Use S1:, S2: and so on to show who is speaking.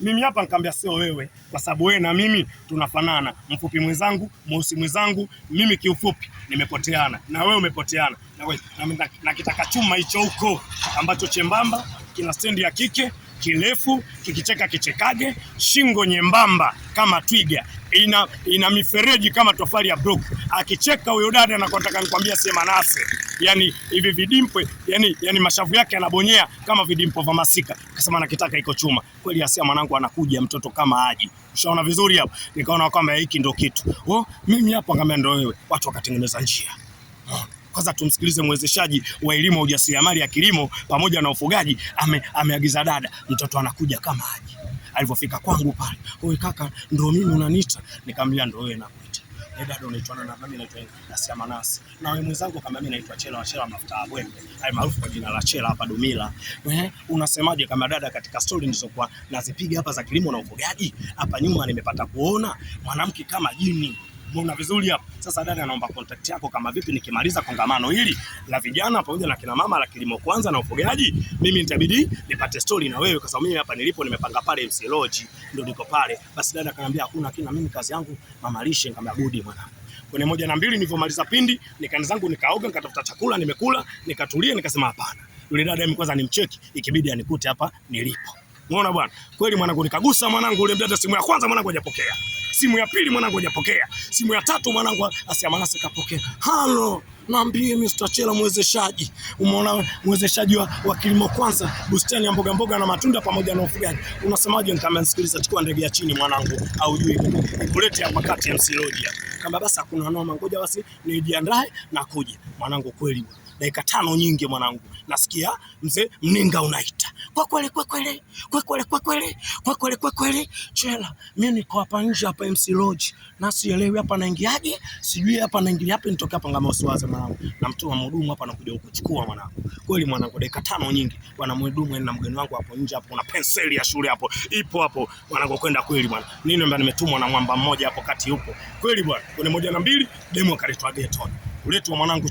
S1: Mimi hapa nikamwambia sio wewe, kwa sababu wewe na mimi tunafanana, mfupi mwenzangu, mweusi mwenzangu. Mimi kiufupi nimepoteana na wewe umepoteana na wewe na, na kitaka chuma hicho huko ambacho chembamba kina stendi ya kike, kirefu, kikicheka kichekage, shingo nyembamba kama twiga ina, ina mifereji kama tofali ya block. Akicheka huyo dada na kutaka nikwambia sema nase, yani hivi vidimpwe, yani yani mashavu yake yanabonyea kama vidimpo vya masika. Akasema nakitaka iko chuma kweli. Asia mwanangu anakuja mtoto kama aji, ushaona vizuri hapo. Nikaona kwamba hiki ndio kitu oh, mimi hapa ngamia ndio wewe. Watu wakatengeneza njia oh, Kwanza tumsikilize mwezeshaji wa elimu ujasiriamali ya kilimo pamoja na ufugaji, ameagiza ame dada, mtoto anakuja kama aji. Alivyofika kwangu pale, "Wewe kaka, ndio mimi unaniita?" Nikamwambia ndio wewe nakuita. Eh, dada, unaitwa nani? mimi naitwa Nasia Manasi. Na wewe mwenzangu kama mimi naitwa Chela wa Chela mafuta ya bwembe. Hai maarufu kwa jina la Chela hapa Dumila. Eh, unasemaje kama dada katika story ndizo kwa nazipiga hapa za kilimo na ufugaji? Hapa nyuma nimepata kuona mwanamke kama jini Mbona vizuri hapo. Sasa dada anaomba contact yako, kama vipi nikimaliza kongamano hili la vijana pamoja na kina mama la kilimo kwanza na ufugaji, mimi nitabidi nipate story na wewe, kwa sababu mimi hapa nilipo nimepanga pale MC Lodge, ndio niko pale. Basi dada akaniambia hakuna kina, mimi kazi yangu mama lishe. Nikamwambia good mwanangu kwenye moja na mbili, nilivyomaliza pindi nikaenda zangu nikaoga, nikatafuta chakula, nimekula, nikatulia, nikasema hapana, yule dada mimi kwanza nimcheki, ikibidi anikute hapa nilipo. Unaona bwana, kweli mwanangu, nikagusa mwanangu, ule mdada simu ya kwanza mwanangu hajapokea. Simu ya pili mwanangu hajapokea, simu ya tatu mwanangu asiamanasi kapokea. Halo, naambie Mr. Chela mwezeshaji, umeona mwezeshaji wa, wa kilimo kwanza, bustani ya mboga mboga na matunda pamoja na ufugaji. Unasemaje? nisikilize, chukua ndege ya chini mwanangu, au juu kulete hapa kati ya msiloji kamba. Basi hakuna noma, ngoja basi nijiandae na kuja mwanangu. Kweli dakika tano nyingi mwanangu, nasikia mzee mninga unaita kwekwele kwekwele kwekwele kwekwele kwekwele kwekwele chela. mimi niko hapa nje hapa MC Lodge na sielewi hapa naingiaje, sijui hapa naingia hapa nitoke hapa ngama usiwaze mwanangu, na mtu wa mhudumu hapa anakuja kukuchukua mwanangu. Kweli mwanangu, dakika tano nyingi bwana mhudumu na mgeni wangu hapo nje hapo, kuna penseli ya shule hapo ipo hapo mwanangu, kwenda kweli bwana. Nini mbona nimetumwa na mwamba mmoja hapo kati huko kweli bwana, kuna moja na mbili demo akaletwa ghetto uletwa mwanangu